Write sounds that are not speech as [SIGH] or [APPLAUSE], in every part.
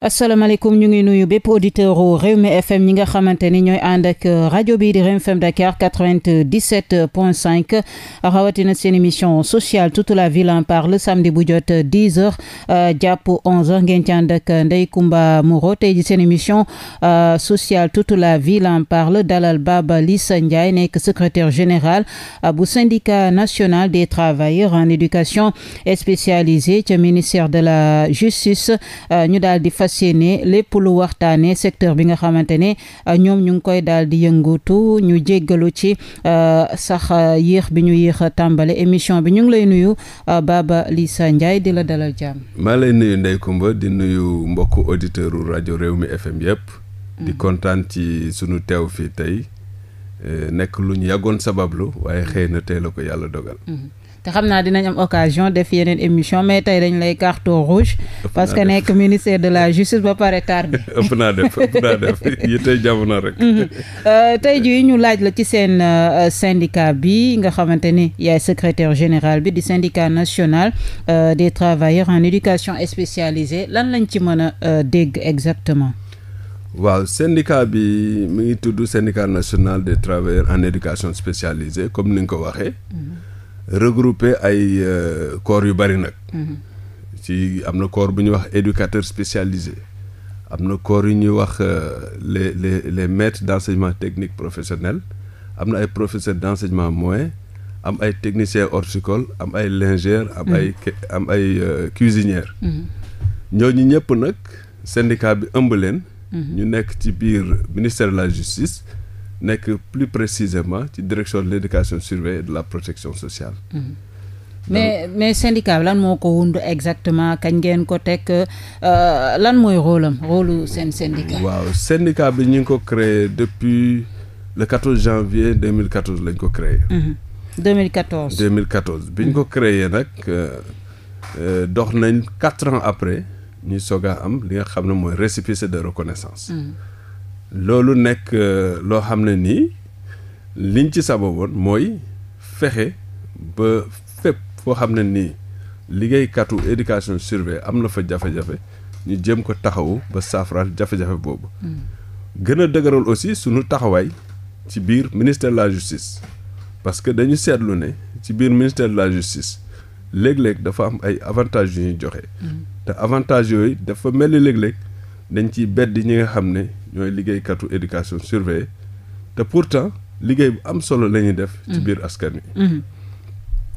asalaamaaleykum ñu ngi nuyu bépp auditeur u Rewmi FM ñi nga xamante ni ñooy ànd ak euh, rajo bii di Rewmi FM Dakar 97 point 5 rawatina seen émission sociale toute la ville en parle samedi bu jot 10 heures euh, jàpp 11 heures ngeen ci ànd ak Ndeye Comba Moreau tey ji seen émission euh, sociale toute la ville en parle dalal Baba Lissa Ndiaye nekk secrétaire général bu syndicat national des travailleurs en éducation spécialisée ca ministère de la justice ñu daal di fas yéene lépp lu waxtaane secteur bi nga xamante ne euh, ñoom ñu ngi koy daal di yëngutu ñu jéggalu ci euh, sax euh, yéex bi ñu yéex a tàmbale émission bi ñu ngi lay nuyu Baba Lissa Ndiaye di la dalal jàmm maa lay nuyu Ndeye Comba di nuyu mbokku auditeur u rajo mi FM yëpp mm. di kontaan ci sunu teew fii tey nekk lu ñu yàggoon sabablu waaye mm. xëy na tey la ko yàlla dogal mm-hmm. xam naa dinañ am occasion def yeneen émission mais tey dañ lay carton rouge. parce que nekk ministère de la justice ba pare tardé. [LAUGHS] ëpp naa def ëpp naa def [LAUGHS] yi tey jamono rek. [LAUGHS] Mhm. Euh, tey jii ñu laaj la ci seen euh, syndicat bi nga xamante ni yaay secretaire général bi di syndicat national euh, des travailleurs en éducation spécialisée lan lañ ci mën a dégg exactement. waaw syndicat bi mi ngi tudd syndicat national de travailleurs en éducation spécialisée comme ni nga ko waxee. Mhm. regrouper ay euh, corps yu bari nag. Mm-hmm. ci am na corps bu ñuy wax éducateur spécialisé am na corps yu ñuy wax euh, les les les maîtres d' enseignement technique professionnel am na ay professeurs d' enseignement moyen am ay technicien horticole am ay lingère am ay mm-hmm. am ay euh, cuisinière mm-hmm. ñooñu ñëpp nag syndicat bi ëmb leen. ñu nekk ci biir ministère de la justice. nekk plus précisément ci direction de l' éducation surveillée et de la protection sociale. Mm-hmm. mais mais syndicat bi lan moo ko wund exactement kañ ngeen ko teg euh, lan mooy rôle am rôle seen syndicat. waaw syndicat bi ñu ngi ko créé depuis le 14 janvier 2014 lañ ko créé. 2014 mm-hmm. 2014 bi ñu ko créé nag euh, euh, dox nañ 4 ans après ñuy soog a am li nga xam ne mooy récépissé de reconnaissance. Mm-hmm. loolu nekk euh, loo xam ne nii liñ ci sababoon mooy fexe ba fépp foo xam ne nii liggéeykatu éducation surveillée am na fa jafe-jafe ñu jëm ko taxawu ba saafaraal jafe-jafe boobu. Mm. gën a dëgëral aussi suñu taxawaay ci biir ministère la justice. parce que dañu seetlu ne ci biir ministère de la justice léeg-léeg dafa am ay avantages yu ñuy joxe. Mm. te avantages yooyu dafa mel ni léeg-léeg dañ ciy bedd ñi nga xam ne ñooy liggéeykatu éducation surveillée te pourtant liggéey bu am solo la ñuy def. ci mm-hmm. biir askan wi. Mm-hmm.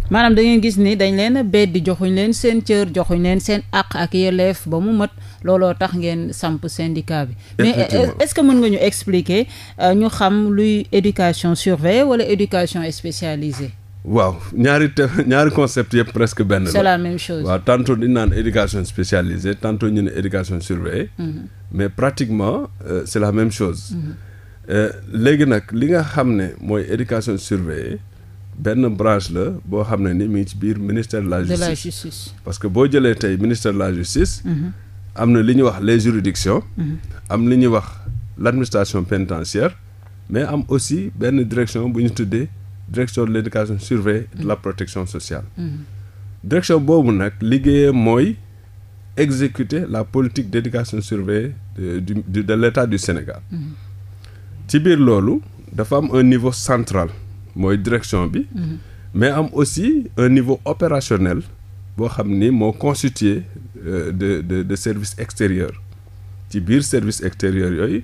maanaam da ngeen gis ni dañ leen a beddi joxuñ leen seen cër joxuñ leen seen àq ak yelleef ba mu mat looloo tax ngeen samp syndicat bi. mais euh, est-ce que mën nga ñu expliquer euh, ñu xam luy éducation surveillée walla éducation spécialisée. waaw ñaari te ñaari concept yëpp presque benn la. c'est la même waaw tantôt di naan éducation spécialisée tantôt ñu ne éducation surveillée. Mhm. mais pratiquement euh, c'est la même chose. Mhm. Euh, léegi nag li nga xam ne mooy éducation surveillée benn branche la boo xam ne ni mu ngi ci biir ministère de la justice parce que boo jëlee tey ministère de la justice. Mhm. am na li ñuy wax les juridictions. am li ñuy wax l'administration pénitentiaire mais am aussi benn direction bu ñu tuddee. direction de l' éducation de la mm-hmm. protection sociale mm-hmm. direction boobu nag liggéeyee mooy exécuter la politique d' éducation de, de, de l' état du Sénégal mm-hmm. ci biir loolu dafa am un niveau central mooy direction bi mais am aussi un niveau opérationnel boo xam ni moo constitué euh, de de de service extérieur ci biir service extérieur yooyu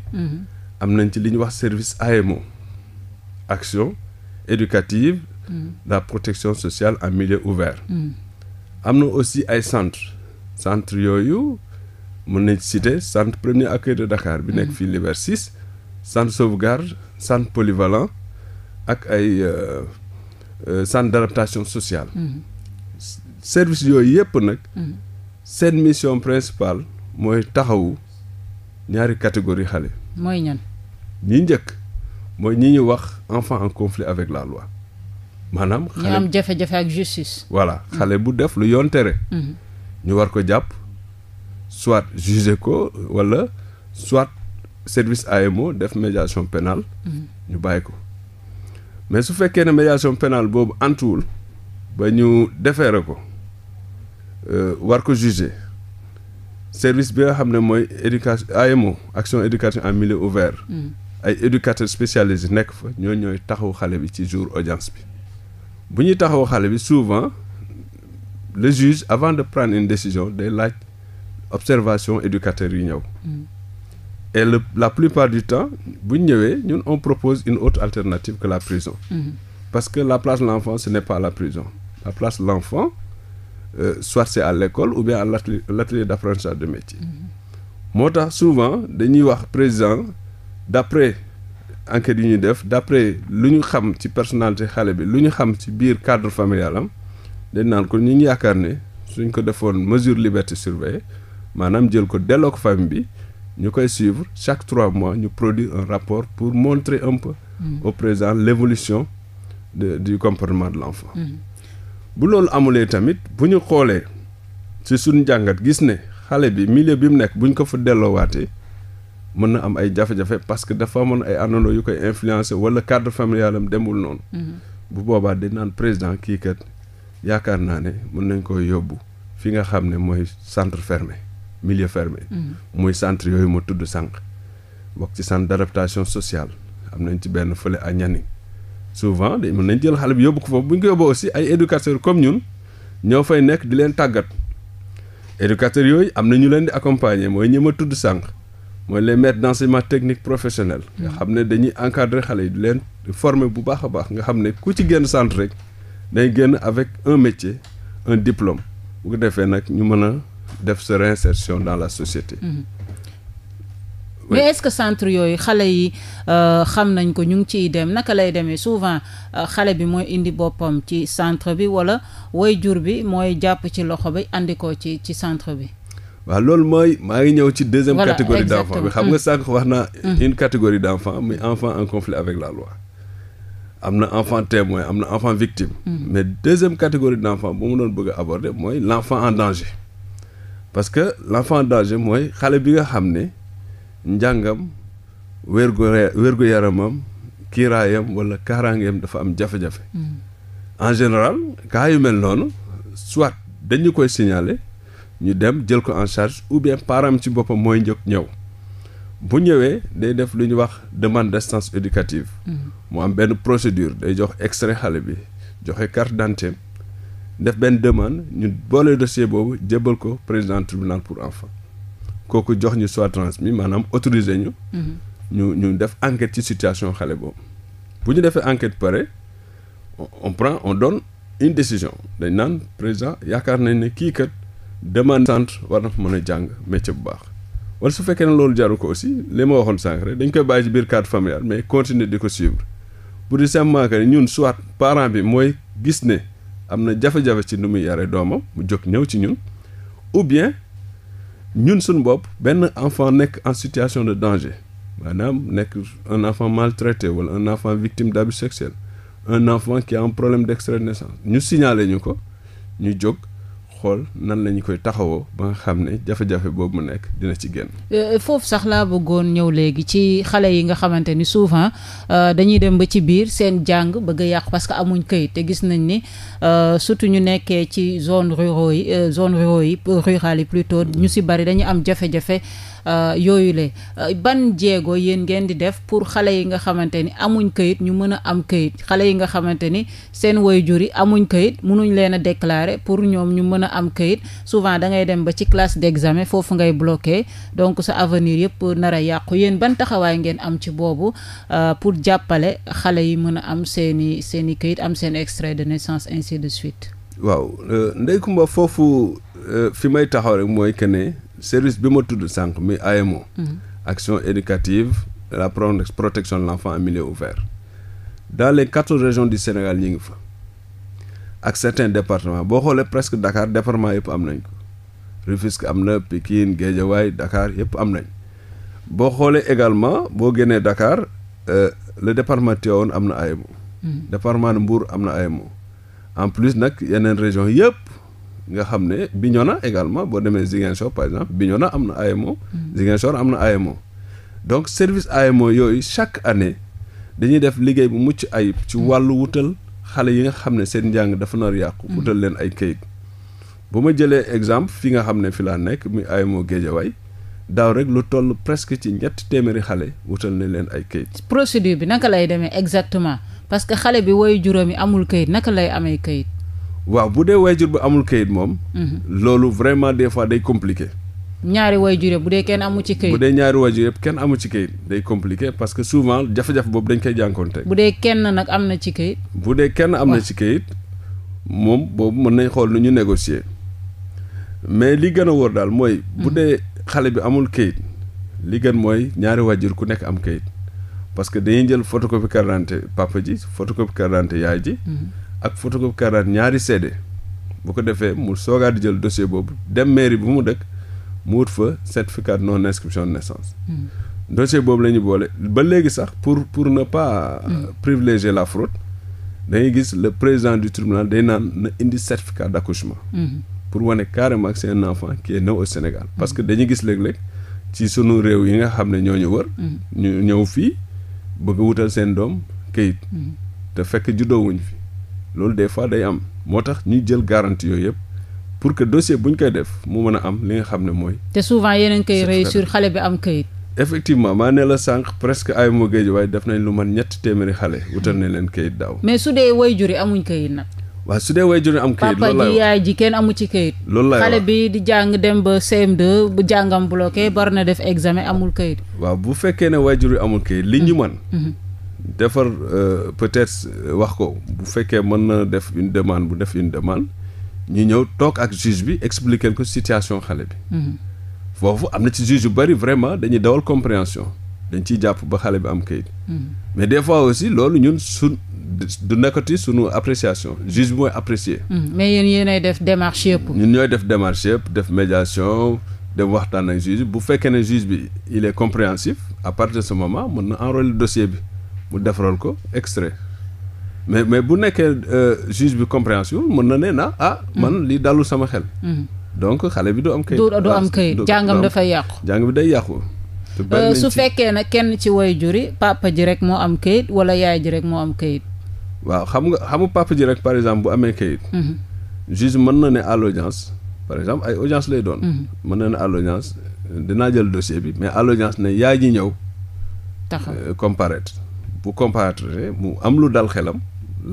am nañ ci li ñuy wax service AMO action éducative mm. la protection sociale en milieu ouvert mm. am na aussi ay centre centre yooyu mën nañ citer centre premier accueil de Dakar bi nekk mm. fii Liberté 6 centre sauvegarde centre polyvalent ak ay euh, euh, centre d'adaptation sociale service yooyu yëpp nag seen mission principale mooy taxawu ñaari catégorie xale mooy ñan ñi njëkk mooy ñi ñuy wax enfant en conflit avec la loi maanaam. xale ñu am voilà mm. xale bu def lu yoon tere. Mm-hmm. ñu war ko jàpp soit juger ko walla soit service AMO def médiation pénale mm-hmm. ñu bàyyi ko mais su fekkee ne médiation pénale boobu antuwul ba ñu defeere ko euh, war ko juger service bi nga xam ne mooy éducation AMO action éducation en milieu ouvert. Mm ay éducateurs spécialisés nekk fa ñoo ñooy taxaw xale bi ci jour audience bi bu ñuy taxaw xale bi souvent le juge avant de prendre une décision day laaj observation éducateurs yi ñëw mm. et le, la plupart du temps bu ñu ñëwee ñun on propose une autre alternative que la prison mm -hmm. parce que la place de l'enfant ce n'est pas la prison la place de l'enfant euh, soit c'est à l'école ou bien à l'atelier d'apprentissage de métier mm-hmm. moo tax souvent dañuy wax président d'après enquête yu ñuy def d'après lu ñu xam ci personnalité xale bi lu ñu xam ci biir cadre familial am dañ naan ko ñu ngi yaakaar ne suñ ko defoon mesure liberté surveillée maanaam jël ko delloo ko famille bi ñu koy suivre chaque trois mois ñu produit un rapport pour montrer un peu mmh. au présent l'évolution de du comportement de l'enfant mm. bu loolu amulee tamit bu ñu xoolee ci suñ jàngat gis ne xale bi milieu bi mu nekk bu ñu ko fa delloowaatee mën na am ay jafe parce que dafa amoon ay àndandoo yu koy influencé wala cadre familial am demul noonu. Mm-hmm. bu boobaa di naan président kii kat yaakaar naa ne mën nañ ko yóbbu fi nga xam ne mooy centre fermé milieu fermé. Mm-hmm. muy centre yooyu ma tudd sànq. bokk ci centre d'adaptation sociale am nañ ci benn fële à Nianing souvent mën nañ jël xale bi yóbbu ko foofu bu ñu ko yóbboo aussi ay éducateurs comme ñun ñoo fay nekk di leen tàggat éducateurs yooyu am na ñu leen di accompagner mooy ñi ma tudd sànq. mooy les maîtres d'enseignement technique professionnel. nga xam ne dañuy encadrer xale yi di leen former bu baax a baax nga xam ne ku ci génn centre rek day génn avec un métier un diplôme bu ko defee nag ñu mën a def sa réinsertion dans la société. Mhm. mais est-ce que centre yooyu xale yi euh, xam nañ ko ñu ngi ciy dem naka lay demee souvent euh, xale bi mooy indi boppam ci centre bi walla jur bi mooy jàpp ci loxo bi andi ko ci ci centre bi. waaw loolu mooy maa ngi ñëw ci deuxième voilà, catégorie d'enfant bi xam nga sànq wax naa mm. mm. une catégorie d'enfant mais enfant en conflit avec la loi am na enfant témoin am na enfant victime mm. mais deuxième catégorie d'enfant bu mu doon bëgg a mooy l'enfant en danger parce que l'enfant en danger mooy xale bi nga xam ne njàngam wérgu wérgu yaramam kiiraayam wala kaaraangeem dafa am jafe-jafe en général cas yu mel noonu soit dañu koy signaler ñu dem jël ko en charge ou bien parent ci boppam mooy njëkk ñëw bu ñëwee day def lu ñuy wax demande d'assistance éducative mm-hmm. mu am benn procédure day jox extrait xale bi joxe carte d'identité def benn demande ñu boole dossier boobu jébbal ko président tribunal pour enfants kooku jox ñu soit transmis maanaam autorisé ñu mm-hmm. ñu ñu def enquête ci situation xale boobu bu ñu defee enquête pare on prend on donne indécision décision dañ naan président yaakaar nañ ni kii demande centre war na fa mën a jàng métier bu baax wala su fekkee ne loolu jaru ko aussi li ma waxoon sànq dañ koy bàyyi ci biir cadre familial mais continuer di ko suivre pour di simplement que ñun soit parent bi mooy gis ne am na jafe-jafe ci nu muy yare doomam mu jóg ñëw ci ñun ou bien ñun suñu bopp benn enfant nekk en situation de danger maanaam nekk un enfant maltraité wala un enfant victime d'abus sexuel un enfant qui a un problème d'extrait de naissance ñu signalé ñu ko ñu jóg xool nan lañu koy taxawoo ba nga xam ne jafe-jafe boobu nekk dina ci génn. Euh, foofu sax laa bëggoon ñëw léegi ci xale yi nga xamante ni souvent euh, dañuy dem ba ci biir seen jàng bëgg a yàqu parce que amuñ këyit te gis nañ ni euh, surtout ñu nekkee ci zone ruraux yi zone ruraux yi rural yi plutôt ñu si bari dañu am jafe-jafe. Euh, yooyu le euh, ban jéego yéen ngeen di def pour xale yi nga xamante ni amuñ këyit ñu mën a am këyit xale yi nga xamante ni seen waajur yi amuñ këyit mënuñ leen a déclarer pour ñoom ñu mën a am këyit souvent da ngay dem ba ci classe d'examen foofu ngay bloqué donc sa avenir yëpp nar a yàqu yéen ban taxawaay ngeen am ci boobu euh, pour jàppale xale yi mën a am seeni seeni këyit am seen extrait de naissance ainsi de suite. waaw Ndeye Comba foofu fi may taxaw rek mooy que service bi ma tudd sànq muy AMO. Mm-hmm. action éducative la protection de l'enfant en milieu ouvert dans les quatorze régions du Sénégal ñi ngi fa ak certains départements boo xoolee presque Dakar département yëpp am nañ ko Rufisque am na Pikine Guédiawaye Dakar yëpp am nañ boo xoolee également boo génnee Dakar euh, le département Tivaouane am na AMO. Mm-hmm. département de Mbour am na AMO en plus nag yeneen région yëpp nga xam ne Bignona également boo demee Ziguinchor par exemple Bignona am na AMO. Mm. Ziguinchor am na AMO. donc service AMO yooyu chaque année dañuy def liggéey bu mucc ayib ci mm. wàllu wutal xale yi nga xam ne seen njàng dafa nar yàqu. Mm. wutal leen ay kayit. bu ma jëlee exemple fi nga xam ne fi laa nekk muy AMO Guédiawaye daw rek lu toll presque ci ñetti téeméeri xale wutal nañ leen ay kayit. procédure bi naka lay demee exactement parce que xale bi woyu juróomi amul kayit naka lay amee kayit. waaw bu dee waajur bu amul kayit moom. Mhm. loolu vraiment des fois day compliqué. ñaari waajur yëpp bu dee kenn amu ci kayit. bu dee ñaari kenn amu ci kayit day compliqué parce que souvent jafe-jafe boobu dañ koy jànkoonte. bu dee kenn nag am na ci kayit. bu dee kenn am na ci kayit moom boobu mën nañ xool nu ñu négocier mais li gën a wóor daal mooy. bu mhm. dee xale bi amul kayit li gën mooy ñaari waajur ku nekk am kayit parce que dañuy jël photocopie carte d'identité papa ji photocopie carte d'identité yaay ji. Mhm. ak photocopie cadastre ñaari CD bu ko defee mu soogaat di jël dossier boobu dem mairie bu mu dëkk mu wut fa certificat non inscription de naissance. Mm. boobu la ñu boole ba léegi sax pour pour ne pas. Hmm. Euh, la fraude. dañuy gis la président du tribunal day naan na indi certificat d' accouchement. Hmm. pour wane carrément que c' est enfant qui est né au Sénégal. parce que hmm. dañuy gis léeg-léeg ci sunu réew yi nga xam ne ñoo ñu wër. ñu ñëw fii bëgg wutal seen doom fekk juddoowuñ fi. loolu des fois day am moo tax ñuy jël garantie yooyu yëpp pour que dossier bu ñu koy def mu mën a am li nga xam ne mooy. te souvent yeneen koy réussir xale bi am këyit. effectivement maa ne la sànq presque ay moo géej waaye def nañ lu man ñett téeméeri xale wutal nañ leen këyit daaw. mais su dee way yi amuñ këyit nag. waa su dee way juri am këyit papa ji yaay ji kenn amu ci këyit. loolu laay wax xale bi di jàng dem ba CM2 bu jàngam bloqué bar na def examen amul këyit. waaw bu fekkee ne way juri amul këyit li ñu man mhm. defar euh, peut-être euh, wax ko bu fekkee mën na def une demande bu def une demande ñu ñëw toog ak juge bi expliquer ko situation xale bi. Mhm. foofu am na ci juge yu bari vraiment dañuy dawal compréhension dañ ci jàpp ba xale bi am kayit. Mhm. mais des fois aussi loolu ñun su du nekkati sunu appréciation juge bi mooy apprécier. Mhm. mais yéen ay def démarche yëpp. ñun ñooy def démarche yëpp def médiation. dem waxtaan ak juge bu fekkee ne juge bi il est compréhensif à partir de ce mën na enrôler dossier bi mu defaral ko extrait mais mais bu nekkee euh, juge bi compréhension mën na ne na ah. man mm. lii dalul sama xel. Mm-hmm. donc xale bi du am. kayit du am ah, kayit jàngam dafay yàqu. jàng bi day yàqu. Euh, su fekkee na kenn ci woy juri papa ji rek moo am kayit wala yaay ji rek moo am kayit. waaw xam nga xamu papa ji rek par exemple bu amee kayit. Mm-hmm. juge mën na ne à l'audience par exemple ay audience lay doon. Mm-hmm. mën na ne à l'audience dinaa jël dossier bi mais à l'audience ne yaay ji ñëw. taxaw euh, comparaître. bu comparaître mu am lu dal xelam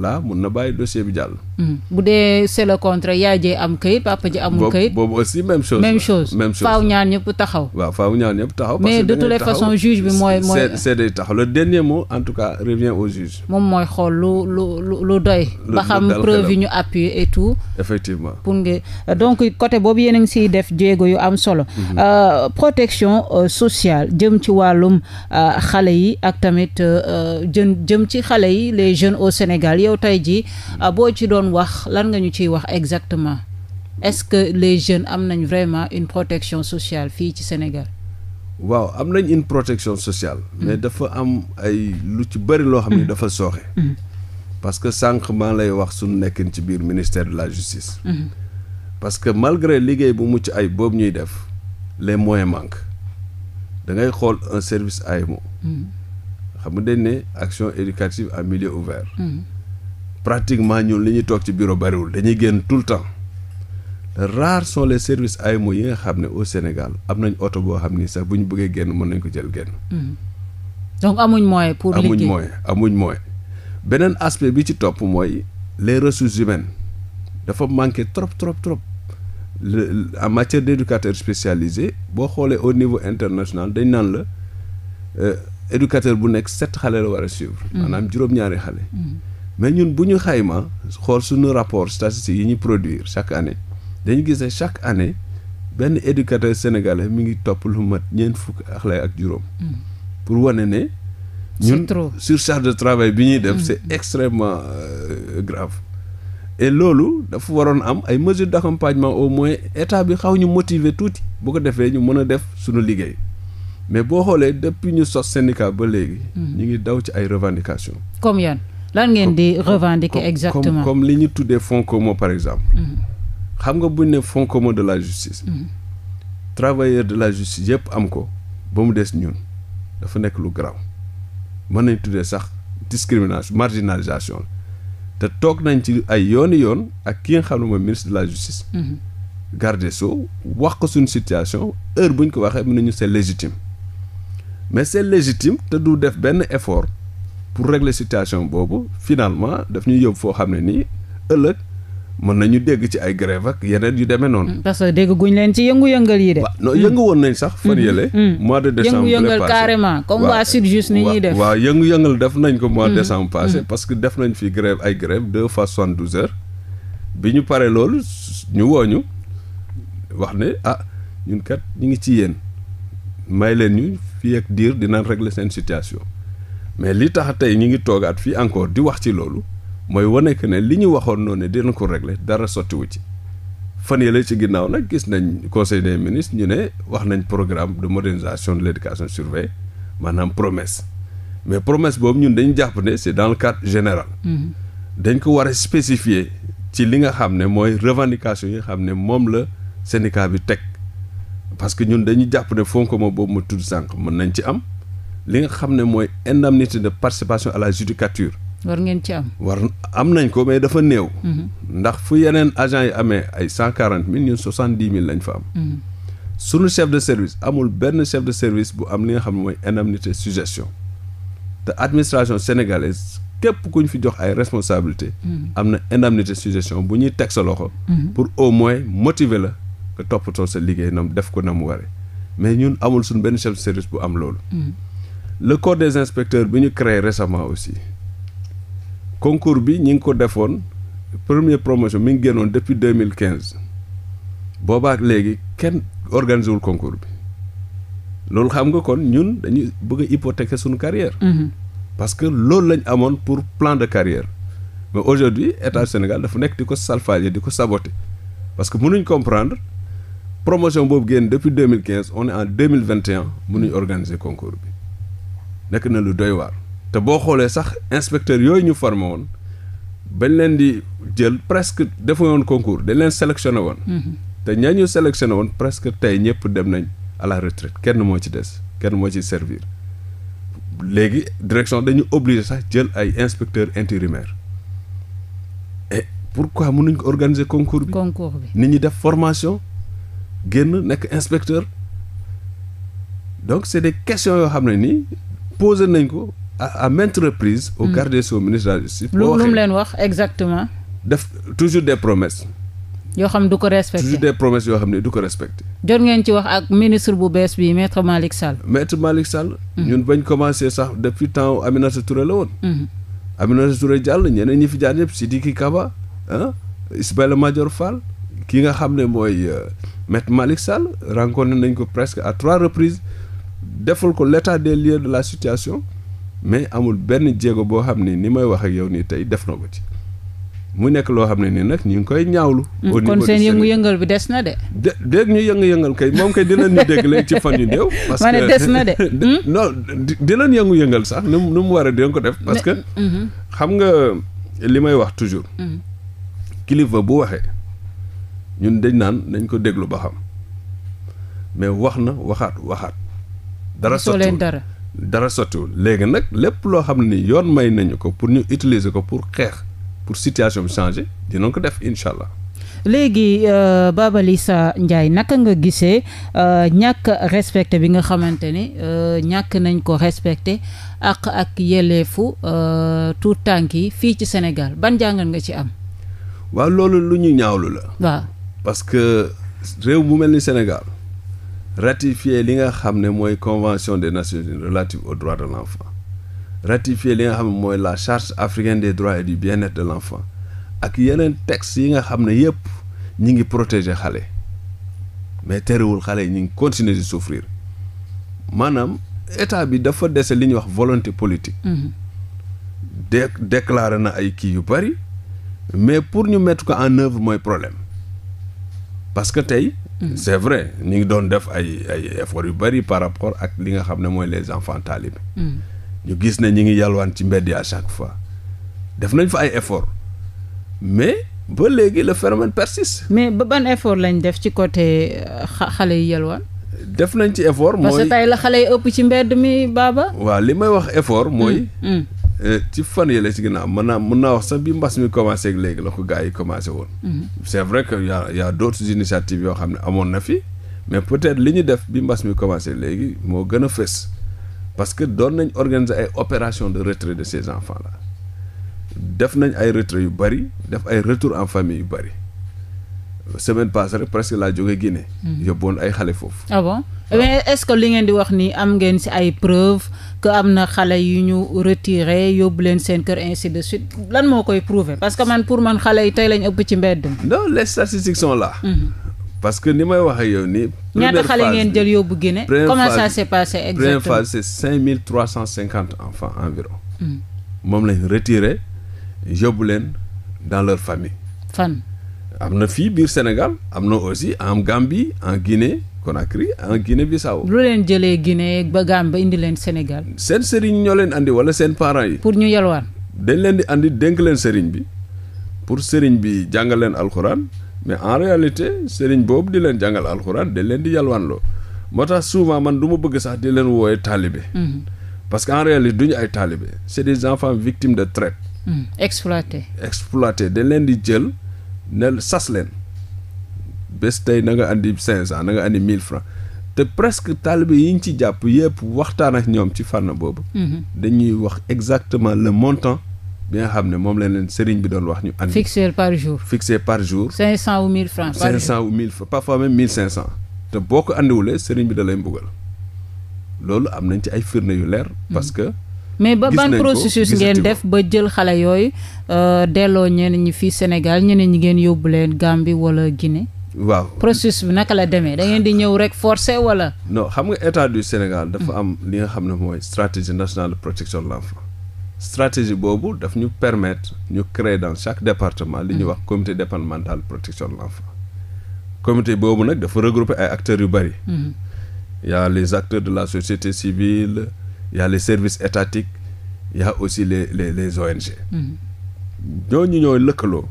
là mun na bàyyi dossier bi jàll. Hmm. bu dee c'est le contre yaay jee am kayit papa ji amul kayit. boobu aussi même chose. même chose même chose faaw ñaar ñëpp taxaw. waaw mais de toutes les façons juge bi mooy mooy. c'est c'est taxaw le dernier mot en tout cas revient au juge. moom mooy xool lu lu lu doy. ba xam preuve yi ñu appuyer et tout. effectivement pour nga donc côté boobu yéen a ngi siy def jéego yu am solo. Mhm. Euh, protection euh, sociale jëm ci wàllum euh, xale yi ak tamit jëm jëm ci xale yi les jeunes au Sénégal. yow tey jii euh, boo ci doon wax lan nga ñu ciy wax exactement est-ce que les jeunes am nañ vraiment une protection sociale fii ci Sénégal. waaw am nañ une protection sociale. Mm. mais dafa am ay lu ci bëri loo xam ne mm. dafa sooxe. Mm. parce que sànq maa lay wax suñu nekkin ci biir ministère de la justice. parce que malgré liggéey bu mucc ay boobu ñuy def les moyens manquent da ngay xool un service ay xam nga dañ ne action éducative en milieu ouvert. pratiquement ñun li ñuy toog ci bureau bariwul dañuy génn tout le temps rares sont les services AEMO yi nga xam ne au Sénégal am nañ oto boo xam ni sax bu ñu bëggee génn mën nañ ko jël génn. Hmm. donc amuñ moyen pour liggéey amuñ mooy amuñ moyen beneen aspect bi ci topp mooy les ressources humaines dafa manqué trop trop trop le matière d' éducateur spécialisé boo xoolee au niveau international dañ naan la euh, éducateur bu nekk sept xale la war a suivre. Hmm. maanaam juróom-ñaari xale. Hmm. mais ñun bu ñu xayma xool suñu rapport statistique yi ñu produire chaque année dañu gis ne chaque année benn éducateur sénégalais mi ngi topp lu mat ñeent fukk ak ak juróom. Mm. pour wane ne. ñun surcharge de travail bi ñuy def. Mm. c'est extrêmement euh, grave. et loolu dafa waroon am ay mesures d'accompagnement au moins état bi xaw ñu motiver tuuti bu ko defee ñu mën a def suñu liggéey mais boo xoolee depuis ñu sos syndicat ba léegi. Mm. ñu ngi daw ci ay revendications. comme lan ngeen di revendiquer exactement comme li ñu tuddee fonds commun par exemple mm-hmm. xam nga buñ ne fonds commun de la justice mm-hmm. travailleur de la justice yëpp am ko ba mu des ñun dafa nekk lu garaaw mën nañ tuddee sax discrimination marginalisation te toog nañ ci ay yooni yoon ak ki nga xam ne mooy ministre de la justice mm-hmm. garde des wax ko suñu situation heure buñ ko waxee mën nañu c'est légitime mais c'est légitime te du def benn effort pour régler situation boobu finalement def ñuy yóbbu foo xam ne nii ëllëg mën nañu dégg ci ay grève ak yeneen yu demee noonu. Mm, parce que dégg guñ leen ci yëngu-yëngal yi de. waaw non yëngu woon nañ sax. Mm-hmm. Mm-hmm. mois de décembre yëngu-yëngal comme waa sud juste ni ñuy def. waaw nañ ko mois mm-hmm. décembre passé. parce que def nañ fi grève ay grève de fois soixante douze heures. bi ñu paree loolu ñu wooñu wax ne ah ñun kat ñu ngi ci yéen may leen ñu fii diir dinañ régler seen situation. mais li tax tey ñu ngi toogaat fii encore di wax ci loolu mooy wane que ne li ñu waxoon noonu ne dina ko régler dara sottiwu ci fan yële ci ginnaaw nag gis nañ conseil des ministres ñu ne wax nañ programme de modernisation de l' éducation surveillée maanaam promesse mais promesse boobu ñun dañu jàpp ne c' est dans le cadre général. Mhm. dañ ko war a spécifier ci li nga xam ne mooy revendication yi nga xam ne moom la syndicat bi teg parce que ñun dañu jàpp ne fonds commun boobu ma tudd sànq mën nañ ci am. li nga xam ne mooy indemnité de participation à la judicature. war ngeen ci am. war am nañ ko mais dafa néew. Mhm. ndax fu yeneen agent yi amee ay cent quarante mille ñun soixante dix mille lañ fa am. Mhm. sunu chef de service amul benn chef de service bu am li nga xam ne mooy indemnité suggestion te administration sénégalaise képp ku ñu fi jox ay responsabilité mhm. am na indemnité suggestion bu ñuy teg sa loxo. pour au moins motiver la nga toppatoo sa liggéey nam def ko na mu waree mais ñun amul suñu benn chef service bu am loolu. le corps des inspecteurs bi ñu créé récemment aussi concours bi ñu ngi ko defoon premier promotion mi ngi génnoon depuis deux mille quinze boobaak léegi kenn organisé wul bi loolu xam nga kon ñun dañuy bëgg a hypothéquer suñu carrière mmh. parce que loolu lañ amoon pour plan de carrière mais aujourd'hui état du Sénégal dafa nekk di ko salfaaje di ko saboter parce que mënuñ comprendre promotion boobu génn depuis deux mille quinze on est en deux mille vingt bi nekk na lu doy waar te boo xoolee sax inspecteur yooyu ñu formé woon bañ leen di jël presque defu woon concours dañ leen sélectionné woon mhm. te ña ñu sélectionné woon presque tey ñëpp dem nañ à la kenn moo ci des kenn moo ci servir léegi direction dañu obligé sax jël ay inspecteurs intérimaires et pourquoi mënuñ ko organiser concours bi concours bi nit ñi def formation génn nekk inspecteur donc c'est des questions yoo xam ne nii pose nañ ko à maintes reprises au hmm. garde des sceaux ministre de la justice mu leen wax exactement def toujours des promesses yoo xam du ko respecté toujours des promesses yoo xam ne du ko respecté jot ngeen ci wax ak ministre bu bees bi maître Malick Sall maître Malick Sall hmm. ñun bañ commencé sax depuis temps Aminata Touré la woon hmm. Aminata Touré jàll ñeneen ñi fi jaar ñëpp Sidiki Kaba ah Ismaïla Madior Fall ki nga xam ne mooy euh, maître Malick Sall rencontré nañ ko presque à trois reprises deful ko l'état des lieux de la situation mais amul benn jéego boo xam ne ni may wax ak yow nii tey def na ko ci mu nekk loo xam ne nii nag ñu ngi koy ñaawlu. au niveau kon seen yëngu-yëngal bi des na de. de dégg ñu yëngu-yëngal kay moom kay dinañu dégg léegi ci fan yu néew. parce que ma ne des na de. [LAUGHS] Hmm? non dinañ yëngu-yëngal sax nu mu nu mu war a dinañ ko def. parce que mhm. xam nga li may wax toujours. Hmm. kilifa bu waxee ñun dañ naan nañ ko déglu ba xam mais wax na waxaat waxaat. dara sottiwul dara. dara sottiwul léegi nag lépp loo xam ne yoon may nañu ko pour ñu utiliser ko pour xeex pour situation bi changer dina ko def incha allah. léegi euh, Baba Lissa Ndiaye naka nga gisee euh, ñàkk euh, bi nga xamante ni euh, ñàkk nañ ko respecté ak ak yelleefu euh, tout tànk yi fii ci Sénégal ban jàngat nga ci am. waaw loolu lu ñu ñaawlu la. waaw parce que réew bu mel ni Sénégal ratifier li nga xam ne mooy convention des nations unies relative aux droits de l' enfant ratifier li nga xam ne mooy la charte africain des droits et du bien-être de l' ak yeneen textes yi nga xam ne yëpp ñi ngi protéger xale mais terewul xale yi ñu ngi continuer di souffrir maanaam état bi dafa dese li ñuy wax volonté politique. Mm-hmm. de na ay kii yu bari mais pour ñu mettre ko en œuvre mooy problème. parce que tey. Mm-hmm. c' est vrai ñu ngi doon def ay ay effort yu bëri par rapport ak li nga xam ne mooy les enfants talibés. Mm-hmm. ñu gis ne ñu ngi yalwaan ci mbedd yi à chaque fois def nañ fa ay effort mais ba léegi le phénomène persiste. mais ba ban effort lañ def ci côté euh, xale yi yalwaan. def nañ ci effort. mooy parce que la xale yi ëpp ci mbedd mi baaba. waaw li may wax effort mooy. Mm-hmm. Mm. Eh, ci fan si gën a am mën naa mën naa wax sax bi mbas mi commencé ak léegi la ko gars yi commencé woon. Mhm. c' est vrai que yaa a y' a yoo xam ne amoon na fi mais peut-être li ñu def bi mbas mi commencé léegi moo gën a fës parce que doon nañ organiser ay opération de retrait de ces enfants là def nañ ay retrait yu bëri def ay retour en famille yu bëri semaine passée rek presque laa jóge Guinée. Mhm. yóbboon ay xale foofu. Ah mais est-ce que li ngeen di wax nii am ngeen si ay preuve que am na xale yu ñu retiré yóbbu leen seen kër ainsi de suite lan moo koy prouver parce que man pour man xale yi tey lañ ëpp ci mbedd. non les statistiques sont là. Mhm. parce que ni may waxee ak yow nii. ñaata xale ngeen jël yóbbu Guinée. comment ça s'est passé exactement première phase c'est cinq mille trois cent cinquante enfants environ. Mhm. moom lañ retiré yóbbu leen dans leur famille. fan. am na fii biir Sénégal am na aussi en Gambie en Guinée. Conakry en ah, Guinée-Bissau. lu leen jëlee Guinée ba Gambie ba indi leen Sénégal. seen sëriñ ñoo leen andi wala seen parents yi. pour ñu yalwaan. dañ leen di andi dénk leen sëriñ bi pour sëriñ bi jàngal leen alxuraan mais en réalité sëriñ boobu di leen jàngal alxuraan dañ leen di loo moo tax souvent man du ma bëgg sax di leen wooyee taalibe. Mhm. parce que en réalité du ñu ay taalibe c'est des enfants victimes de traite. exploité mhm. exploité dañ leen di jël ne sas leen. bés tey na nga andi cinq cent na nga andi mille francs te presque taalibe yi ñu ci jàpp yëpp waxtaan ak ñoom ci fànn boobu. Mhm. dañuy wax exactement le montant bi nga xam ne moom la leen sëriñ bi doon wax ñu. andi fixé par jour fixé par jour. cinq cent ou mille te boo ko andiwulee sëriñ bi da lay mbugal loolu am nañ ci ay firnde yu leer. Mhm. parce que. mais ba ban processus ngeen def ba jël xale yooyu euh, delloo ñeneen ñi fii Sénégal ñeneen ñi ngeen yóbbu leen Gambie wala Guinée. waaw processus bi naka la demee da ngeen di ñëw rek forcé wala. non xam nga état du Sénégal. dafa am li nga xam ne mooy stratégie nationale de protection de l' enfant. stratégie boobu daf ñu permettre ñu créer dans chaque département. li ñuy wax mm-hmm. comité départemental protection de l' enfant. comité boobu nag dafa regrouper ay acteurs yu bëri. Mm-hmm. y' les acteurs de la société civile y' a les services étatiques y' a aussi les les les ONG. Mm-hmm. ñooñu ñooy lëkkaloo.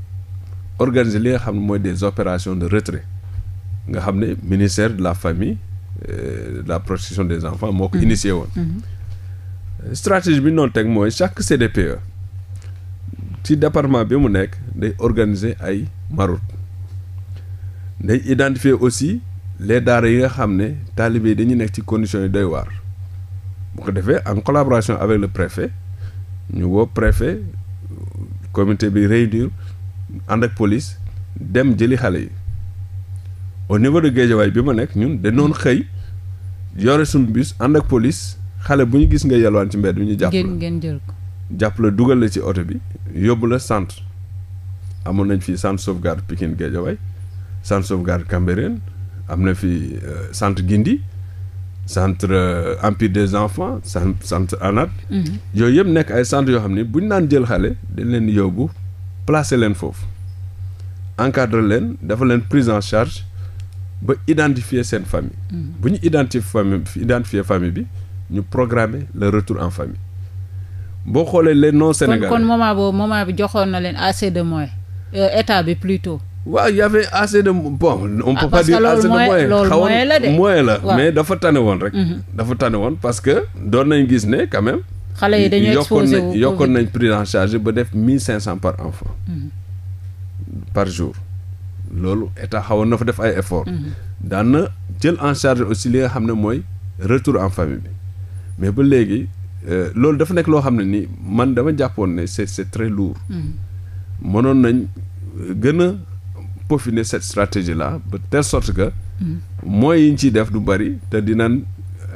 organiser li nga xam ne mooy des opérations de retrait nga xam ne ministère de la famille euh, de la protection des enfants moo ko mm-hmm. initié woon mm-hmm. stratégie bi noonu teg mooy chaque CDPE ci département bi mu nekk day organiser ay maraude day identifier aussi les daara yi nga xam ne taalibe yi dañuy nekk ci conditions yi doy waar bu ko defee en collaboration avec le préfet ñu woo préfet comité bi réunir ànd ak police dem jëli xale yi au niveau de Guédiawaye bi ma nekk ñun danoon xëy yore suñu bus ànd ak police xale bu ñu gis nga yalwaan ci mbedd bi ñu jàpp la ngeen jël dugal la ci oto bi yóbbu la centre amoon nañ fi centre sauvegarde Pikine Guédiawaye centre sauvegarde Cambérène am na fi euh, centre Guindi centre euh, Empire des enfants centre centre ANAT mhm. yooyu yëpp nekk ay centre yoo xam ne bu ñu naan jël xale dañ leen yóbbu placer leen foofu encadre leen dafa leen prise en charge ba identifier seen famille. Mm. bu ñu identifier famille identifier famille bi ñu programmer le retour en famille boo xoolee leen non sénégalais. kon kon moment boobu moment joxoon na leen assez de moyens euh, état bi plutôt. waaw y avait assez de bon on ah, peut pas dire de la mais dafa tane woon rek mm-hmm. dafa tane woon parce que doon nañ gis ne quand même xale yi dañoo exposé yokkoon nañ prise en charge ba def mille cinq cent par enfant. Mhm. par jour. loolu état xawoon na fa def ay effort mhm. daan na jël en charge aussi li nga xam ne mooy retour en famille bi mais ba léegi euh, loolu dafa nekk loo xam ne nii man dama jàppoon ne c'est c'est très lourd. Mhm. mënoon nañ gën a peaufiner cette stratégie là ba telle sorte que. mooy yi ñu ciy def du bari te dinañ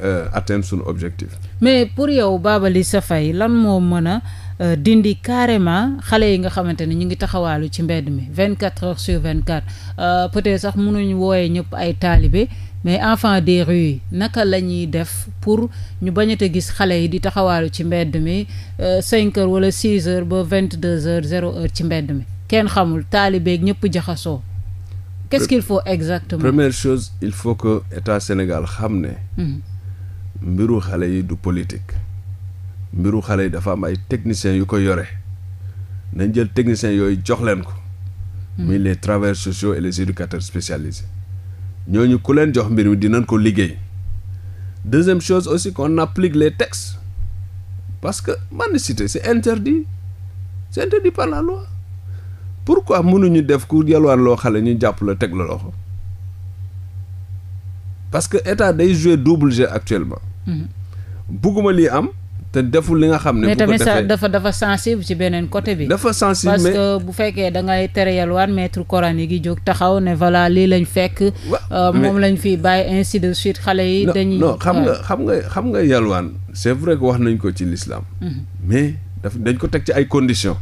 Euh, atteindre suñu objectif. mais pour yow Baba sa Faye lan moo mën a euh, dindi carrément xale yi nga xamante ne ñu ngi taxawaalu ci mbedd mi 24 heures sur 24 euh, peut-être sax mënuñu wooyee ñëpp ay taalibe mais enfants des rues yi naka la ñuy def pour ñu bañate gis xale yi di taxawaalu ci mbedd mi euh, 5 heures wala 6 heures ba 22 heures 0 heure ci mbedd mi kenn xamul taalibeeg ñëpp jaxasoo. qu'est-ce qu'il faut exactement. première chose il faut que état Sénégal xam mbiru xale yi du politique mbiru xale yi dafa am ay techniciens yu ko yore nañ jël techniciens yooyu jox leen ko. muy hmm. les travailleurs sociaux et les éducateurs ñoo ñu ku leen jox mbir mi dinañ ko liggéey. deuxième chose aussi kon applique les textes parce que mendicité c'est interdit c'est interdit par la loi. pourquoi mënuñu def ku yalwaan loo xale ñu jàpp la teg la loxo parce que état day jouer double jeu actuellement bugguma lii am. te deful li nga xam ne. bu ko defee dafa dafa sensible ci beneen côté bi. dafa sensible parce bu fekkee dangay ngay tere yalwaan maître coranique yi jóg taxaw ne voilà lii lañ fekk. Euh, moom lañ fi bàyyi ainsi de suite xale yi. dañuy xam nga xam nga xam nga yalwaan. c'est vrai que wax nañ ko ci l'islam. Mhm. mais daf dañ ko teg ci ay conditions.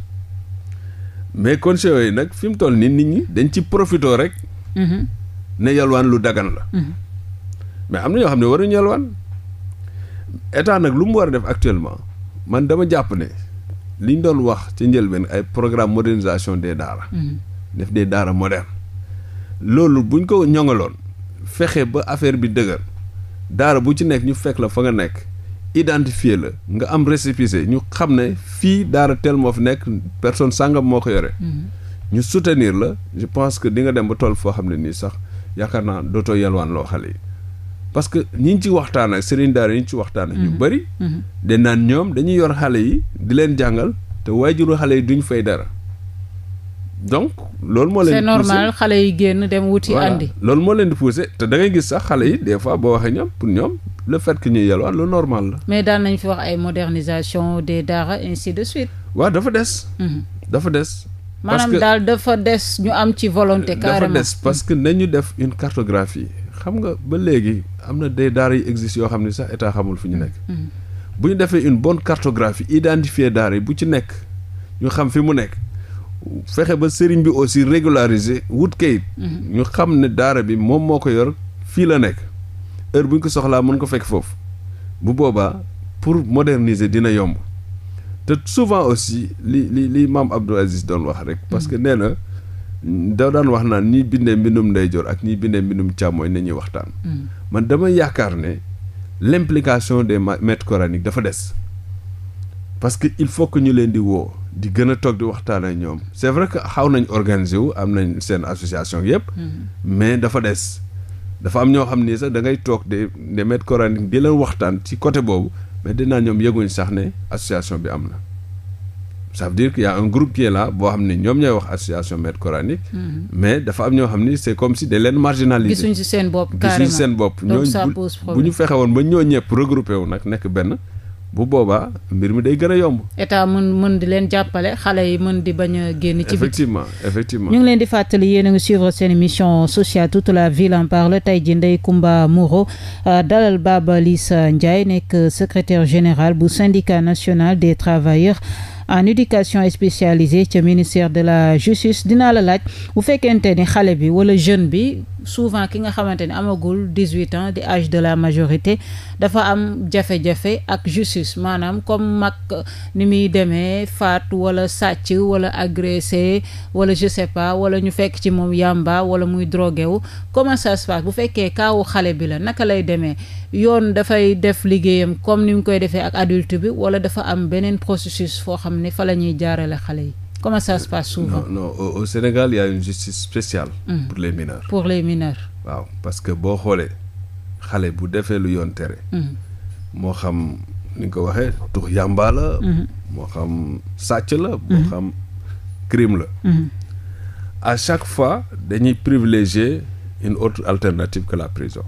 mais conditions yooyu nag fi mu toll nii nit ñi dañ ci profité rek. Mhm. ne yalwaan lu dagan la. Mhm. mais am na ñoo xam ne waruñu yalwaan. état nag lu mu war a def actuellement man dama jàpp ne li ñu doon wax ci njëlbeen ay programme modernisation des daara. Hmm. def des daara moderne loolu buñ ko ñoŋaloon fexe ba affaire bi dëgër daara bu ci nekk ñu fekk la fa nga nekk identifier la nga am récépissé ñu xam ne fii daara tel moo fi nekk personne sàngam moo ko yore. Hmm. ñu soutenir la je pense que di nga dem ba toll foo xam ne nii sax yaakaar naa dootoo yelwaan loo xale yi. parce que ñi ñu ci waxtaan ak sëriñ daara ñi ñu ci waxtaan ak ñu mhm. bëri mhm. dañ naan ñoom dañuy yor xale yi di leen jàngal te waajuru xale yi duñ fay dara donc loolu moo leen c'est normal xale yi génn dem wuti andi loolu moo leen di poussé te da ngay gis sax xale yi des fois boo waxee ñoom pour ñoom le fait que ñuy yalwaan lu normal la mais daan nañu fi wax ay modernisation des daara si de suite waa dafa des mhm. dafa des maanaam daal dafa des ñu am ci volonté carrément parce que nañu def une cartographie xam nga ba léegi am na des daara yu existe yoo xam ne sax état xamul fu ñu nekk. Mm-hmm. bu ñu defee une bonne cartographie identifier daara yi bu ci nekk ñu xam fi mu nekk fexe ba sëriñ bi aussi régulariser wut kayit. Mm-hmm. ñu xam ne daara bi moom moo ko yor fii la nekk heure buñ ko soxlaa mën ko fekk foofu bu boobaa pour moderniser dina yomb te souvent aussi li li li maam Abdou Aziz doon wax rek. parce que mm-hmm. nee na. daw daan wax naa ñiy bindee mbindum ndeyjoor ak ñiy bindee mbindum càmmooñ nañuy waxtaan. Mm. man dama yaakaar ne l'implication des maîtres coraniques dafa des. parce que il faut que ñu leen di woo di gën a toog di waxtaan ak ñoom c'est vrai que xaw nañ organiser wu am nañ seen association yëpp. Mm. mais dafa des. dafa am ñoo xam ni sax da ngay toog de des maîtres coraniques di leen waxtaan ci côté boobu mais dinaa ñoom yëguñ sax ne association bi am na. ca veut dire qu'il un groupe qui boo xam ne ñoom ñooy wax association maître coranique. Mm-hmm. mais dafa am ñoo xam ni c'est si leen marginaliser. gisuñ ci seen bopp carrément gisuñ seen bopp. donc bu ñu fexe woon ba ñoo ñëpp regroupé wu nag nekk benn. bu boobaa mbir mi day gën a yomb. état mën mën di leen jàppale xale yi mën di bañ a génn. ci effectivement effectivement. ñu ngi leen di fàttali yéen a ngi suivre seen émission sociale toute la ville en la tey jii Ndeye Comba Moreau euh, dalal Baba Lissa Ndiaye nekk secrétaire général bu syndicat national des travailleurs. en éducation spécialisée ca ministère de la justice dina la laaj bu fekkente ni xale bi wala jeune bi souvent ki nga xamante ni amagul dix-huit ans di age de la majorité dafa am jafe-jafe ak justice maanaam comme mag ni muy demee faat wala sàcc wala agressé wala je sais wala ñu fekk ci moom yamba wala muy drogué wu comment ça bu fekkee kaawu xale bi la naka lay demee yoon dafay def liggéeyam comme ni mu koy defee ak adulte bi wala dafa am beneen processus foo xam ne fa la ñuy jaarale xale yi Comment ça se passe souvent au, Sénégal, il a une justice spéciale mmh. pour les mineurs. Pour les mineurs. waaw parce que boo xoolee xale bu defee lu yoon tere. Hmm. moo xam ni nga ko waxee tux yàmbaa la. Hmm. moo xam sàcc la. moo hmm. xam crime la. à chaque fois dañuy privilégier une autre alternative que la prison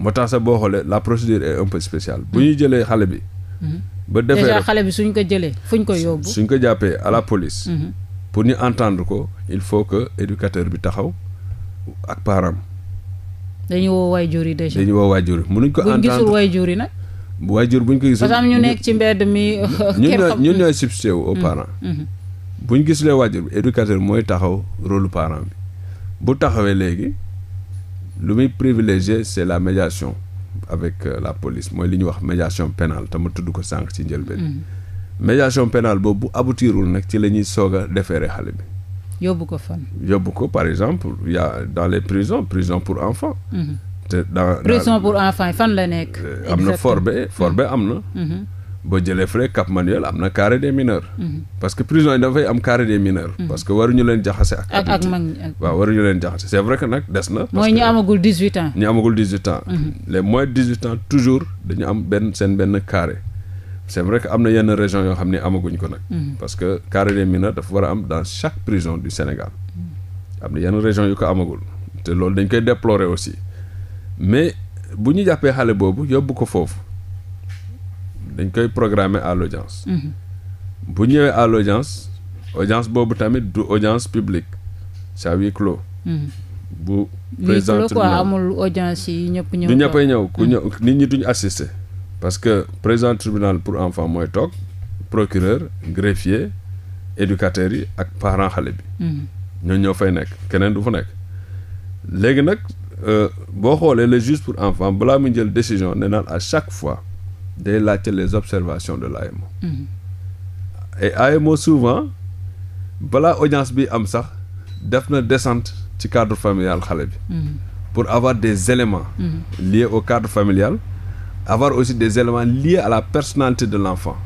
moo tax sax boo xoolee la procédure est un peu spéciale bu ñuy jëlee xale bi. Mm-hmm. ba defee déjà xale bi suñ ko jëlee fuñ ko yóbbu. suñ ko jàppee à la police. Mm-hmm. pour ñu entendre ko il faut que éducateur bi taxaw ak parent dañu woo waajur yi déjà. dañu woo waajur yi mënuñ ko. entendre buñ gisul waajur yi nag. waajur buñ ko gisul. parce ñu nekk ci mbedd mi. [LAUGHS] ñun ñun ñooy substitué wu aux mm-hmm. parents. buñ gisulee waajur bi éducateur mooy taxaw rôle parent bi bu taxawee léegi lu muy privilégié c'est la médiation. avec euh, la police mooy li ñu wax médiation pénale te ma tudd ko sànq ci njëlbeen. Mm. médiation pénale boobu bu nag ci la ñuy soog a déférer xale bi. yóbbu ko fan. yóbbu ko par exemple y a dans le prisons prison pour enfants. Mm-hmm. te dans prison pour enfants fan la nekk. Euh, am na forbe forbe am na. Mm-hmm. boo jëlee fële Cap Manuel am na carré des mineurs. Mhm. parce que prison yi dafay am carré des mineurs. Mhm. parce que ñu leen jaxase ak. ak ak mag waaw waruñu leen jaxase c'est vrai que nag des na. mooy ñu amagul dix huit ans. ñu amagul dix huit ans. Mhm. les moins dix huit ans am benn seen benn carré. c'est vrai que am na yenn région yoo xam ne amaguñ ko nag. parce que carré des mineurs dafa war a am dans chaque prison du Sénégal. am na yenn région yu ko amagul te loolu dañ koy déplorer aussi mais bu ñu jàppee xale boobu yóbbu ko foofu. dañ koy programmer à l'audience mhm. bu ñëwee à l'audience audience boobu tamit du audience publique c'est à huis clos mhm. bu président quoi amul yi ñëpp ñëw ñëw ku mhm. nit ñi duñu assister parce que président tribunal pour enfants mooy toog procureur greffier éducateurs yi ak parents xale bi ñoo ñoo fay nekk keneen du fa nekk léegi nag euh, boo xoolee le juge pour enfants balaa mu jël décision ne naan à chaque fois day laajte les observations de l'AEMO mhm. et AEMO souvent balaa audience bi am sax def na descente ci cadre familial xale bi mhm. pour avoir des éléments mhm. liés au cadre familial avoir aussi des éléments liés à la personnalité de l'enfant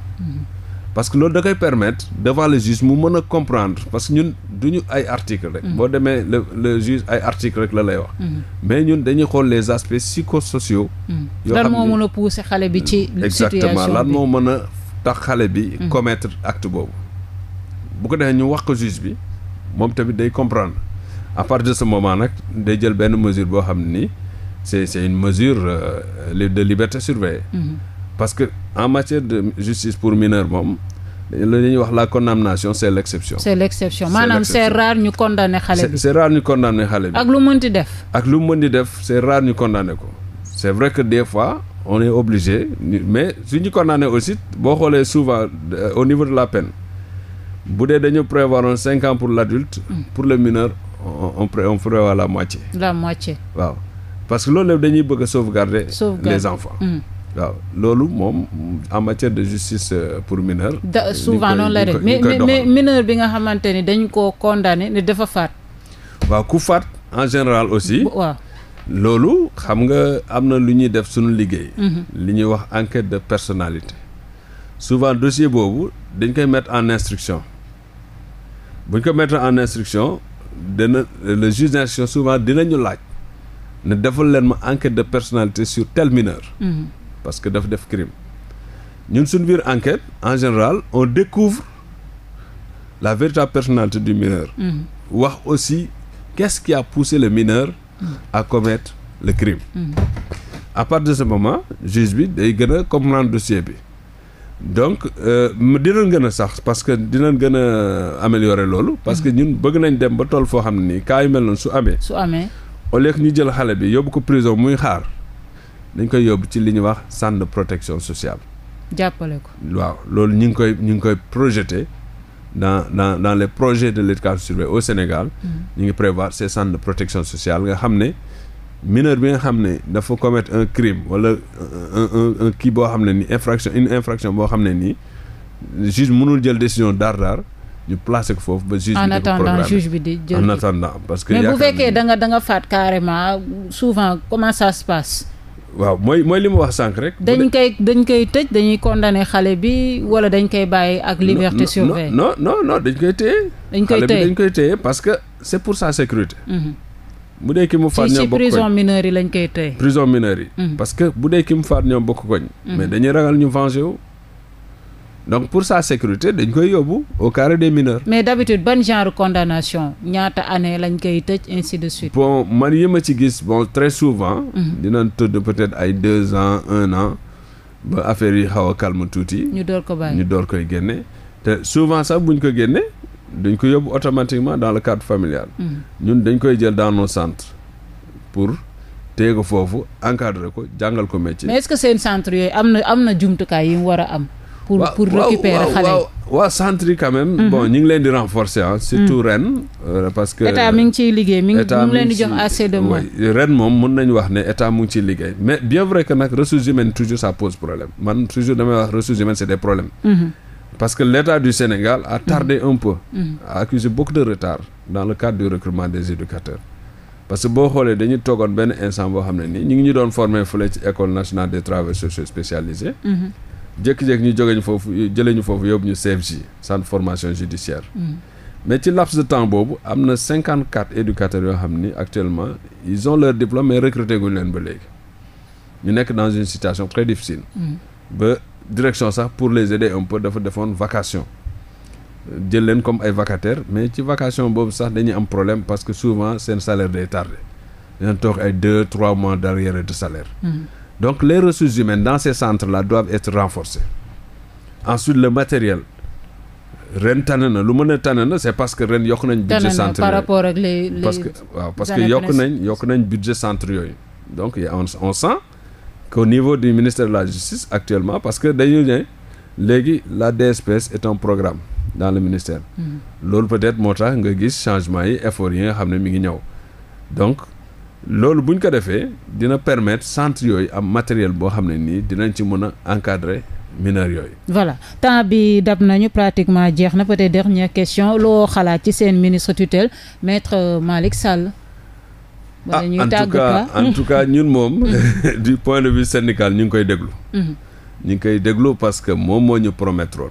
parce que loolu da koy permettre devant le juge mu mën a comprendre parce que ñun du ñu ay article rek. Mm-hmm. boo demee le le juge ay article rek la lay wax. Mm-hmm. mais ñun dañuy xool les aspects psychosociaux. Mm-hmm. yoo xam lan moo mën a pousser xale bi ci. situation bi exactement lan moo mën a tax xale bi. commettre act boobu. bu ko defee ñu wax ko juge bi moom tamit day comprendre à partir de ce moment nag day jël benn mesure boo xam ni c'est c'est une mesure euh, de liberté surveillée. parce que en matière de justice pour mineur moom la ñuy wax la condamnation c' est l' exception. maanaam c' est rare ñu condamné xale bi. c' est rare ñu condamné xale bi. ak lu mën di def. ak lu mën di def c' est ñu condamné ko c' est vrai que des fois on est obligé mais su ñu condamné aussi boo xoolee souvent euh, au niveau de la peine bu dee dañu prévoir cinq ans pour l' adulte. Mm. pour le mineur on on prévoit la moitié. la moitié waaw parce que loolu dañuy bëgg a sauvegarder. waaw loolu moom en matière de justice euh, pour mineur da euh, souvent noonu la rek mais mineur bi nga xamante ni dañ koo condamné ne dafa faat waaw ku faat en général aussi waaw loolu xam nga am na lu ñuy def sunu liggéey mhm. li ñuy wax enquête de personnalité souvent dossier boobu dañ koy mettre en instruction bu ko mettre en instruction dana le juge d'instruction souvent dinañu laaj ne defal leen ma enquête de personnalité sur tel mineur. Mhm. parce que daf def crime ñun suñ biir enquête en général on découvre la véritable personnalité du mineur mm-hmm. wax mmh. aussi quest qui a poussé le mineur mmh. à commettre le crime mm-hmm. à de ce moment juge bi day gën a comprendre dossier bi donc euh, dinañ gën sax parce que dinañ gën a améliorer loolu. parce que mm-hmm. ñun bëgg nañ dem ba tool foo xam ne nii cas mel noonu su amee. su amee au ñu jël xale bi yóbbu ko prison muy xaar. dañ koy yóbbu ci li ñuy wax centre de protection sociale. jàppale ko. waaw loolu ñu ngi koy ñu ngi koy projeté dans dans dans les projets de l'éducation surveillée au Sénégal. Mm-hmm. ñu ngi prévoir ces centres de protection sociale nga xam ne mineur bi nga xam ne dafa commettre un crime wala un un kii boo xam ne ni infraction une infraction boo xam ne nii juge mënul jël décision daar daar ñu placé ko foofu ba juge bi. en attendant juge bi di jël en parce que. mais bu fekkee da nga da nga faat carrément souvent comment ça waaw mooy mooy li mu wax sànq rek. dañ koy dañ koy tëj dañuy condamné xale bi wala dañ koy bàyyi ak. liberté surveillée non non non dañ koy téye. dañ koy téye xale bi dañ koy téye parce que c' pour sa sécurité. Mhm. bu dee ki mu faat ñoo bokk koñ yi lañ koy mhm. mhm. mais dañuy ragal ñu venger donc pour sa sécurité dañ koy yóbbu au carré des mineurs. mais d'habitude ban genre condamnation ñaata année lañ koy tëj ainsi de suite. bon man yi ma ci gis bon très souvent. Mhm. dinañ tëdd peut-être ay deux ans un an ba affaire yi xaw a calme tuuti. ñu door ko bàyyi ñu door koy génne. te souvent sax buñ ko génne dañ ko yóbbu automatiquement dans le cadre familial. Mhm. ñun dañ koy jël dans nos centres pour. téye ko foofu encadré ko jàngal ko métier. mais est-ce que seen centre yooyu am na am na jumtukaay yi mu war a am. pour ouais, xale yi waaw centre yi bon mhm. ñu ngi leen di renforcer ah. surtout mhm. ren. Euh, parce que état mi ngi ciy liggéey. mi ngi leen di jox assez de moom mun nañu wax ne état mu ngi ciy liggéey mais bien vrai que nag ressources humaines toujours ça pose problème man toujours damay wax ressources humaines c' est des mhm. parce que l' du Sénégal a tardé un peu. a accusé beaucoup de retard dans le cadre du recrutement des éducateurs. parce que boo xoolee dañu toogoon benn ngi ñu doon former fële jékki-jékki ñu jóge ñu foofu jëleeñu foofu yóbbu ñu CFJ centre formation judiciaire. Mm. mais ci laps de temps boobu am na cinquante quatre éducateurs yoo xam ni actuellement ils ont leur diplôme mais recruté guñ leen ba léegi ñu nekk dans une situation très difficile. Mm. ba direction sax pour les aider un peu dafa defoon vacation. jël leen comme ay vacataires mais ci vacation boobu sax dañuy am problème parce que souvent seen salaire day tardé. dañu toog ay deux trois mois d'arriéré de salaire. Mm. Donc les ressources humaines dans ces centres-là doivent être renforcées. Ensuite, le matériel. ren tane na lu mën a tane na c'est parce que ren yokk nañ budget centre par rapport parce que parce que yokk nañ yokk nañ budget centre yooyu donc on on sent qu'au niveau du ministère de la justice actuellement parce que dañu ne léegi la des DSPS est un programme dans le ministère hmm. loolu peut-être moo tax nga gis changement yi effort yi nga xam ne mi ngi ñëw loolu bu ñu ko defee dina permettre centre yooyu am matériel boo xam ne nii dinañ ci mën a encadrer mineurs yooyu. voilà temps bi dab nañu pratiquement jeex na peut-être dernière question loo xalaat ci seen ministre tutelle maitre euh, Malick Sall. ah en tout cas en tout cas ñun moom. [LAUGHS] Mhm. [LAUGHS] du point de vue syndical ñu ngi koy déglu. Mhm. ñu ngi koy déglu parce que moom moo ñu promettroon.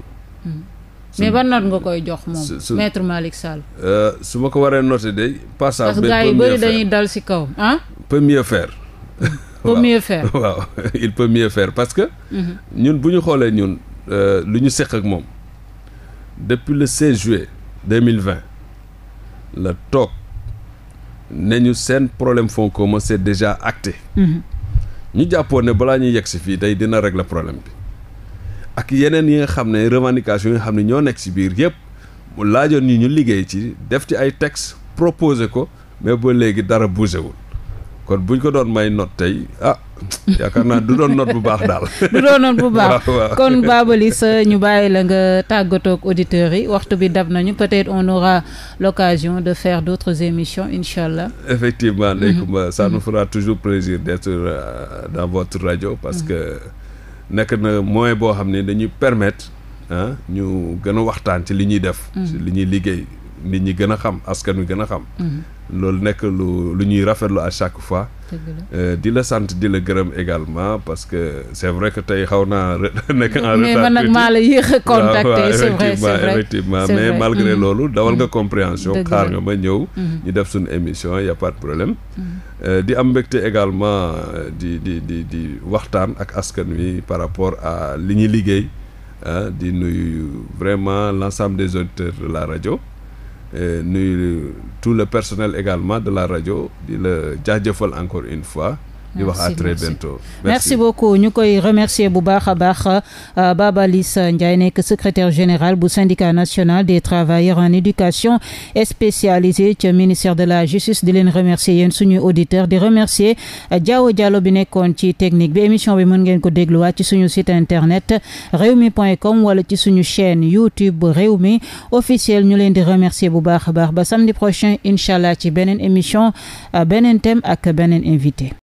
mais ban note nga koy jox moom maître Malick Sall. Euh, su ma ko waree noter de passage. parce que gars yu bëri dañuy dal ci kaw ah. peut mieux faire. peut mieux faire [LAUGHS] [LAUGHS] faire parce que. Mhm. ñun bu ñu xoolee ñun euh, lu ñu seq ak moom depuis le 16 juillet 2020 la toog ne ñu seen problème fonds commun c'est déjà acté. Mhm. ñu jàppoon ne balaa ñuy yegg si fii tey dina régler problème bi. ak yeneen yi nga xam ne revendication yi nga xam ne ñoo nekk ci biir yëpp mu laajoon ñu ñu liggéey ci def ci ay texte proposé ko mais ba léegi dara bougé wul kon buñ ko doon may note tey ah yaakaar naa du doon note bu baax daal. [LAUGHS] du doon note bu baax [LAUGHS] kon Baba sa ñu bàyyi la nga tàggatoo ak auditeurs yi waxtu bi dab nañu peut-être on aura l'occasion de faire d'autres émissions incha allah. effectivement Ndeye mhm. Comba ça nous mhm. fera toujours plaisir d'être euh, dans votre parce mhm. que. nekk na moyen boo xam ne dañuy permettre ñu gën a waxtaan ci li ñuy def. Mm. ci li ñuy liggéey. nit ñi gën a xam askan wi gën a xam. Mhm. loolu nekk lu lu ñuy rafetlu à chaque fois. Euh, di la sant di la gërëm également parce que c' est vrai que tey xaw naa [LAUGHS] nekk en retard. mais man nag maa la yéex a contacter. Ah, c' est vrai malgré mhm. loolu dawal nga mhm. compréhension. xaar nga ma ñëw. ñu def suñu émission y' part problème. Euh, di am mbégte également euh, di di di di waxtaan ak askan wi par rapport à li ñuy liggéey di nuyu vraiment l' ensemble des auditeurs de la rajo. Euh, nuyu tout le personnel également de la rajo di la jaajëfal encore une fois di wax à très bientôt merci beaucoup ñu koy remercier bu baax a baax euh, Baba Liss Ndiaye nekk secretaire général bu syndicat national des travailleurs en éducation spécialisé ci ministère de la justice di leen remercier yéen suñuy auditeur di remercier euh, Diaw Diallo bi nekkoon ci technique bi émission bi mën ngeen ko dégluwaat ci suñu site internet rewmi.com wala ci suñu chaîne YouTube Rewmi officiel ñu leen di remercier bu baax a baax ba samedi prochain incha allah ci beneen émission euh, beneen thème ak beneen invité